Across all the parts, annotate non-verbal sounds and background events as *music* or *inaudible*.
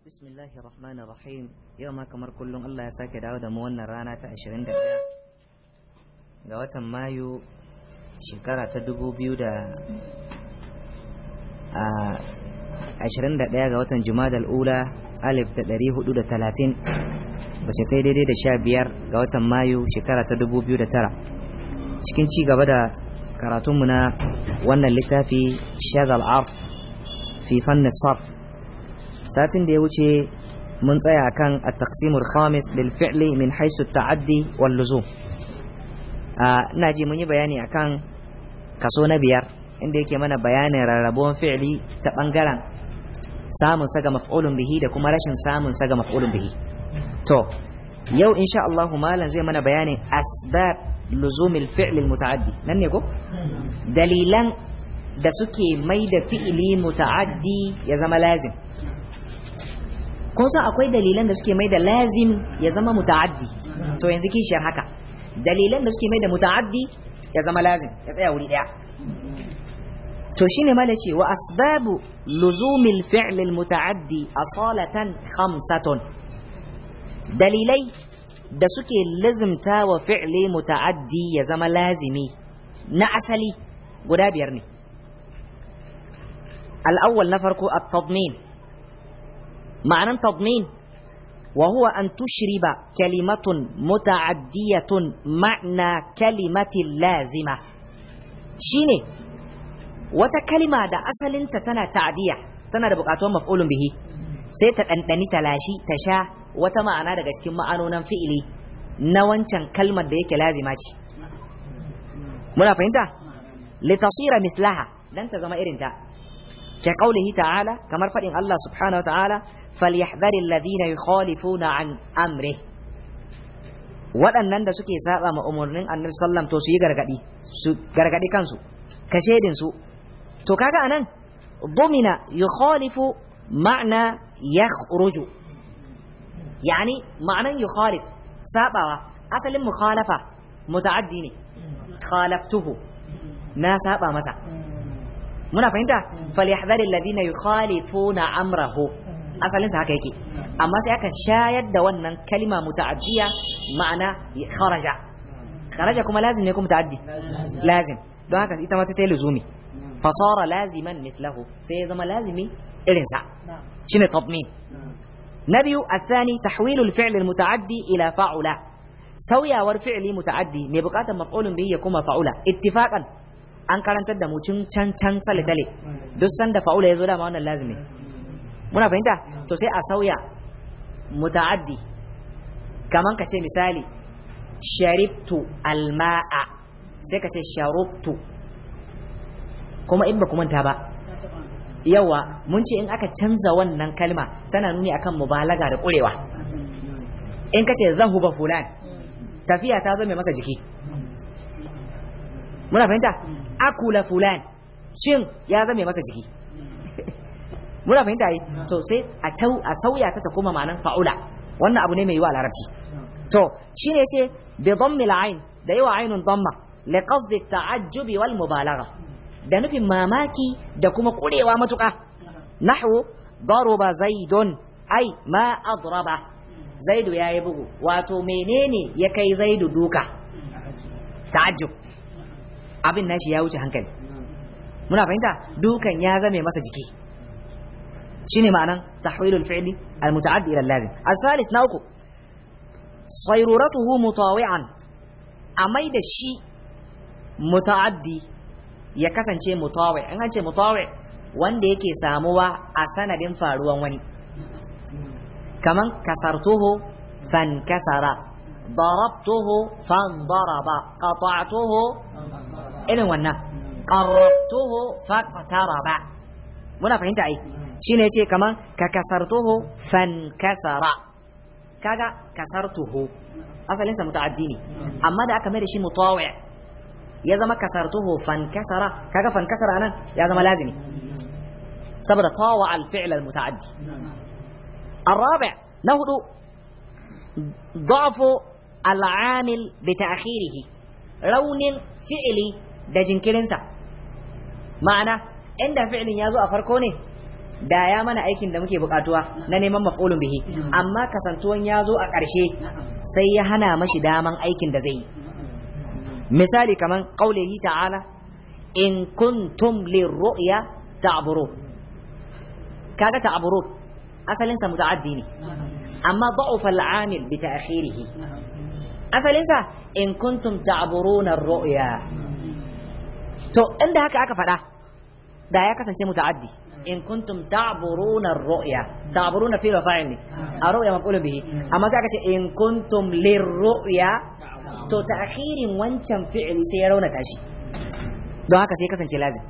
Bismillahi Rahmanir Rahim yau ma kamar kullum Allah ya sake dawo da mu wannan rana ta 21 ga watan Mayu shekara ta 2000 da a 21 ga watan Jumadal Ula alif da 430 bace ta daidai da 15 ga watan Mayu shekara ta 2009 cikin ci gaba da karatunmu na wannan littafi shagal arf fi fannin sarf satin da ya wuce mun tsaya kan a taqsimul khamis lil fi'li min haisu taaddi wal luzum ina ji mun yi bayani akan kaso na biyar inda yake mana bayanin rarrabuwan fi'li ta bangaren samun saga maf'ulun bihi da kuma rashin samun saga maf'ulun bihi to yau insha Allah malam zai mana bayanin asbab luzumil fi'lil muta'addi nan ne ko dalilan da suke mai da fi'ili muta'addi ya zama lazim kun san akwai dalilan da suke mai da lazim ya zama muta'addi to yanzu kishiyar haka dalilan da suke mai da muta'addi ya zama lazim ya tsaya wuri daya to shine mala ce wa asbabu luzumil fi'l al muta'addi asalatan khamsatun dalilai da suke lazimta wa fi'li muta'addi ya zama lazimi na asali guda biyar ne al awwal na farko at-tadmin معنى تضمين وهو أن تشرب كلمة متعدية معنى كلمة لازمة شيني وتكلمة دا أسل تنا تعدية تنا دا بقاتوا مفعول به سيتا أنتني تلاشي تشا وتمعنا دا جتكم معنونا فئلي نوانشان كلمة ديك لازمة منا فهمت لتصير مثلها لن تزمئر إرنتا kamar تعالى allah subhanahu wa سبحانه وتعالى فليحذر الذين يخالفون na amre waɗannan da suke saba ma umarnin annabi sallam to su yi gargaɗi su gargaɗi kansu ka su to kaga anan domina yukhalifu ma'ana yakhruju yani ma'anan yukhalif sabawa asalin mukhalafa muta'addi ne khalaftuhu na saba masa muna fahimta falyahdhari alladhina yukhalifuna amrahu asalin sa haka yake amma sai aka shayar da wannan kalima muta'addiya ma'ana kharaja kharaja kuma lazim ne kuma muta'addi lazim don haka ita ma sai ta yi luzumi fasara laziman mithlahu sai ya zama lazimi irin sa shine tadmin na biyu athani tahwilul fi'l muta'addi ila fa'ula sauyawar fi'li muta'addi mai bukatar maf'ulun bihi ya kuma fa'ula ittifaqan an karantar da mutum can can tsale dale duk sanda fa'ula ya zo dama wannan lazimi muna fahimta to sai a sauya muta'addi kaman ka ce misali sharibtu alma'a sai ka ce sharubtu kuma in ba ku manta ba yawa mun ce in aka canza wannan kalma tana nuni akan mubalaga da kurewa in ka ce zahuba fulan tafiya ta zo mai masa jiki muna fahimta akula fulan shin ya zame masa jiki *laughs* muna fahimta yi to sai a tau a sauya ta ta kuma ma'anan fa'ula wannan abu ne mai yiwa larabci to ne yace bi dhammi al da yawa aynun dhamma li qasdi at wal mubalagha da nufin mamaki da kuma kurewa matuka nahwu zai zaidun ai ma adraba ya yayi bugu wato menene ya kai zaidu duka ta'ajjub abin nashi ya wuce hankali muna fahimta dukan ya zame masa jiki shine ma'anan tahwilul fi'li almutaaddi ila lazim asalis na uku sayruratuhu mutawi'an amai da shi mutaaddi ya kasance mutawi in an ce mutawi wanda yake samuwa a sanadin faruwan wani kaman kasartuhu fankasara ضربته فانضرب قطعته irin wannan qarrabtuhu faqtaraba muna fahimta ai shine yace kaman ka kasartuhu fankasara kaga kasartuhu asalin sa muta'addi ne amma da aka mai da shi mutawi ya zama kasartuhu fankasara kaga fankasara nan ya zama lazimi saboda tawa al-fi'l al-muta'addi الرابع نهض ضعف العامل بتأخيره رون فعلي da jinkirinsa ma'ana inda fi'ilin ya zo a farko ne da ya mana aikin da muke bukatuwa na neman maf'ulun bihi amma kasantuwan ya zo a ƙarshe sai ya hana mashi daman aikin da zai yi misali kaman qaulihi ta'ala in kuntum lirru'ya ta'buru kaga ta'buru asalin sa muta'addi ne amma da'ufa al'amil bi ta'khirihi asalin sa in kuntum ta'buruna ar-ru'ya to inda haka aka faɗa da ya kasance muta'addi in kuntum ta'buruna ar-ru'ya ta'buruna fi rafa'il ne ar-ru'ya maqulun bihi amma sai aka ce in kuntum lir-ru'ya to ta'khirin wancan fi'ili sai ya rauna tashi. don haka sai kasance lazim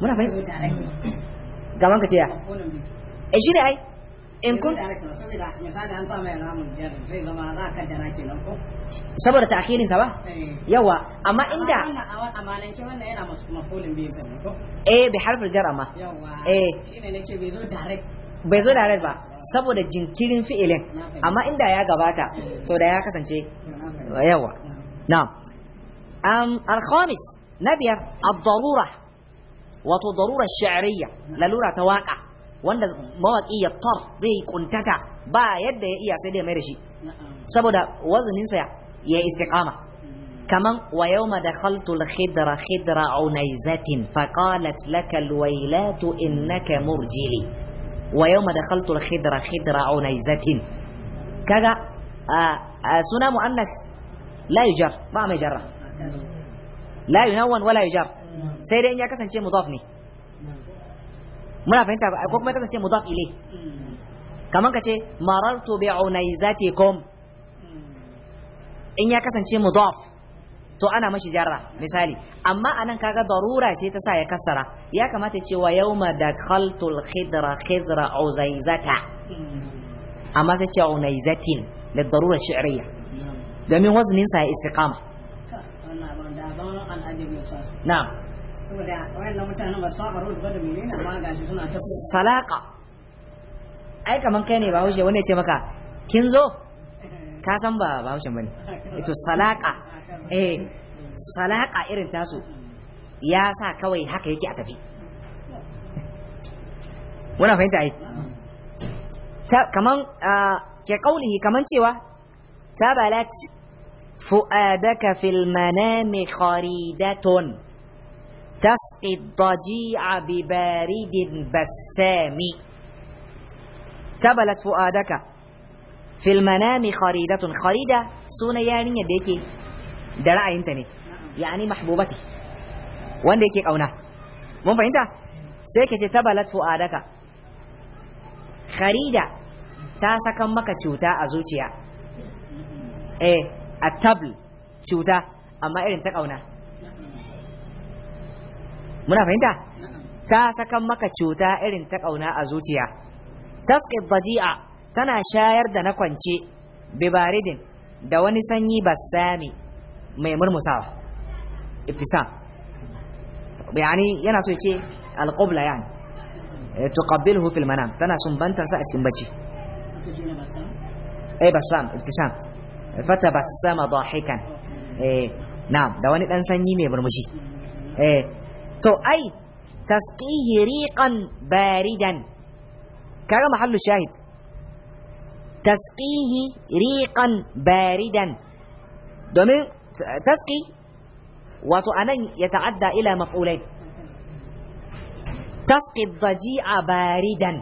muna fahimta gaban ka ce ya eh shi ne ai in kun saboda ta'khirin sa ba eh. yawa amma inda eh bi harfin eh bai zo direct ba saboda jinkirin fi'ilin amma inda ya gabata eh. to da ya kasance yawa al na biyar ad wato darura shi'riyya lalura ta waka wanda mawaƙi ya tar zai kuntata ba yadda ya iya sai dai mai da shi saboda wazininsa ya istiqama كمان ويوم دخلت الخدر خدر عنيزة فقالت لك الويلات إنك مرجلي ويوم دخلت الخدر خدر عنيزة كذا سنة مؤنث لا يجر ما يجر لا ينون ولا يجر سيدي إن يكسن شيء مضافني muna fahimta ba ko kuma kasance mudaf ilay kamar ka ce marartu bi unaizatikum in ya kasance mudaf to ana mashi jarra misali amma anan kaga darura ce ta sa ya kassara ya kamata ce wa yawma al khidra khizra uzaizata amma sai cewa unaizatin da darura shi'riya domin wazanin sa ya istiqama na'am saboda wayannan mutanen ba su aro da amma gashi suna ta salaka ai kaman kai ne ba hushe wanda ya ce maka kin zo eh. ka san ba ba hushe bane to salaka *laughs* eh salaka irin tasu ya sa kawai haka yake a tafi muna fahimta ai kaman ke kaulihi kaman cewa tabalat fu'adaka fil manami kharidatun تسقي الضجيع ببارد بسام تبلت فؤادك في المنام خريدة خريدة سونا يعني ديكي درع انتني يعني محبوبتي وان ديكي قونا مو فهمت سيكي تبلت فؤادك خريدة ta sakan مكا cuta a ايه التبل a اما cuta تقونا muna fahimta ta sakan maka cuta irin ta kauna a zuciya taske baji'a tana shayar da na kwance bibaridin da wani sanyi basami mai murmusawa ibtisam yani yana so yace alqubla yani eh, tuqabbilhu fil manam tana sumbantan sa a cikin bacci ai eh, basam ibtisam eh, basama dahikan eh na'am da wani dan sanyi mai murmushi eh تو أي تسقيه ريقا باردا كذا محل الشاهد تسقيه ريقا باردا دومين تسقي أنا يتعدى إلى مفعولين تسقي الضجيع باردا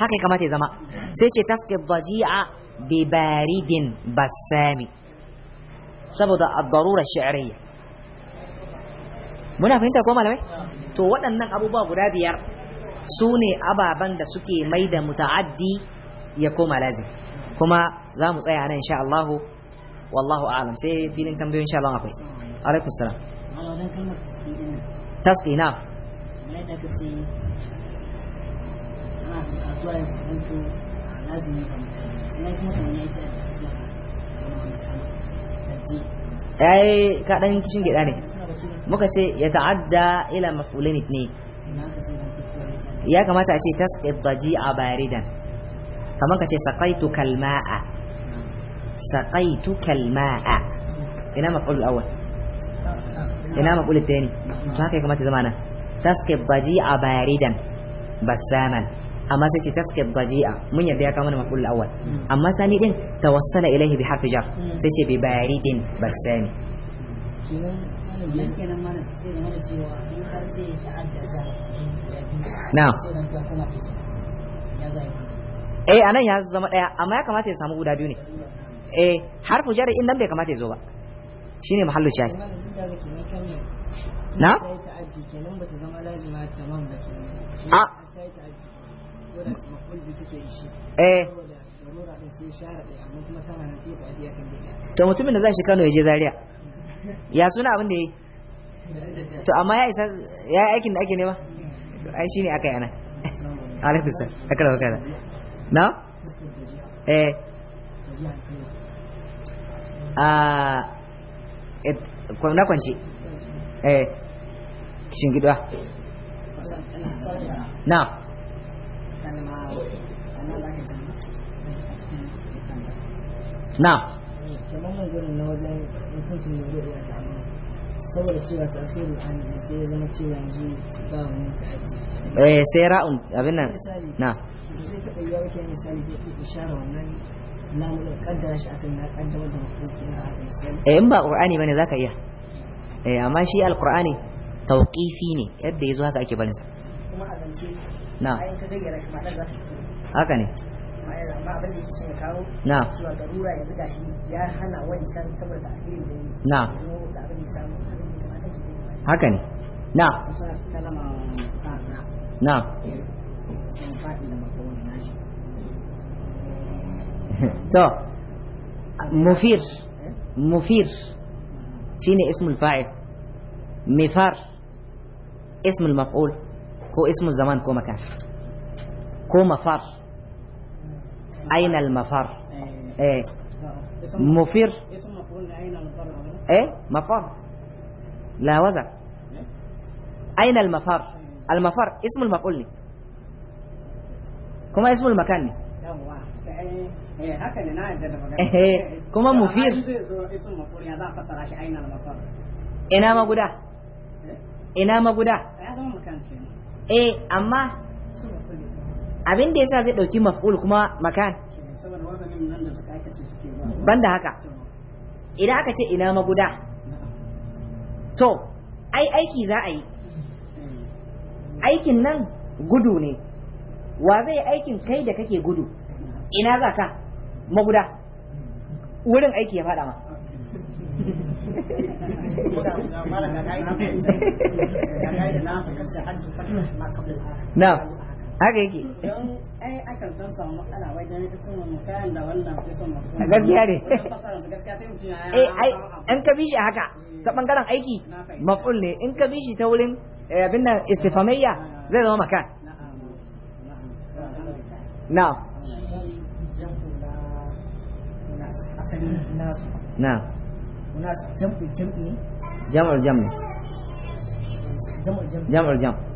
هكذا كما تزمع سيتي تسقي الضجيع ببارد بسامي سبب الضرورة الشعرية muna fahimta ko malamai to waɗannan abubuwa guda biyar su ne ababen da suke mai da muta'addi ya koma lazim kuma za mu tsaya nan insha Allah wallahu a'lam sai filin tambayoyin insha Allah akwai alaikum salam tasdina ai ka dan kishin gida ne muka ce ya ta'adda ila mafulin ne ya kamata a ce tasqid a baridan kamar ka ce saƙaitu kalma'a saƙaitu kalma'a ina mafulin awa ina ta thani to haka ya kamata zama nan tasqid a baridan ba saman amma sai ce taskid a mun yadda ya kama da maful awa amma sani din tawassala ilaihi bi harfi jar sai ce bi baridin sami. A eh anan ya zama daya amma ya kamata ya samu guda biyu ne eh harfu jar'in nan bai kamata ya zo ba shine mahallu shayi. na a eh to mutumin da zai shi Kano ya je Zaria ya suna abin da ya yi to amma ya isa ya yi aikin da ake nema ai ne aka yana *laughs* alaikum aka akala kada na eh ah, a na kwance eh gidwa na na kamar nan gurin na wajen hukuncin da zai iya damu saboda cewa ta an sai ya zama cewa yanzu ba eh, sai ra'un abin nan na zai taɓa misali da ishara wannan kaddara shi akan na kaddara da na misali eh in ba qur'ani bane ka iya eh amma shi alqur'ani tawqifi ne yadda yazo haka ake barinsa kuma a zance na haka ne na na haka ne na na to mufir mufir shine ismul fa'il mifar ismul maf'ul ko ismul zaman ko makan ko mafar أين المفر إيه مفر إيه مفر لا وزن أين المفر kuma mufir ina maguda ina maguda amma abin da yasa zai dauki maf'ul kuma makan banda haka idan aka ce ina maguda to ai aiki za a yi aikin nan gudu ne wa zai aikin kai da kake gudu ina za ka maguda wurin aiki ya faɗa ma na haka yake a gaskiya ne eh ai an ka bishi haka eh. ta bangaren aiki maf'ul ne in ka bishi ta wurin eh, abin nan istifamayya zai zama makan na na jam'ul jam'i jam'ul jam'i jam'ul jam'i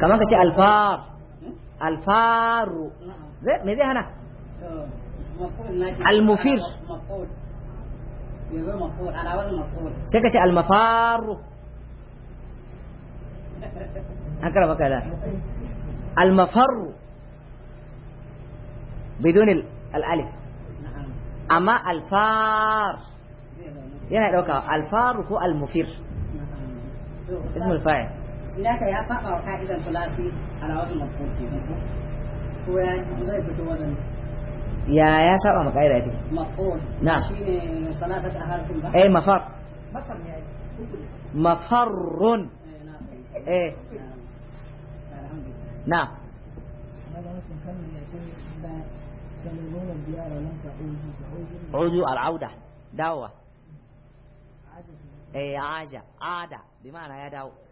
kamar ka ce alfar alfaru me zai hana almufir sai ka ce almafaru an kara maka da almafaru bidon al'alif amma alfar yana ɗauka alfaru ko almufir ismul fa'il idan ka ya saba wa ka'idar salati ko ya zai fito wajen ya ya saba ma ka'ida ce na shine salatat ba eh mafar mafar mafarrun eh na عجو العودة eh.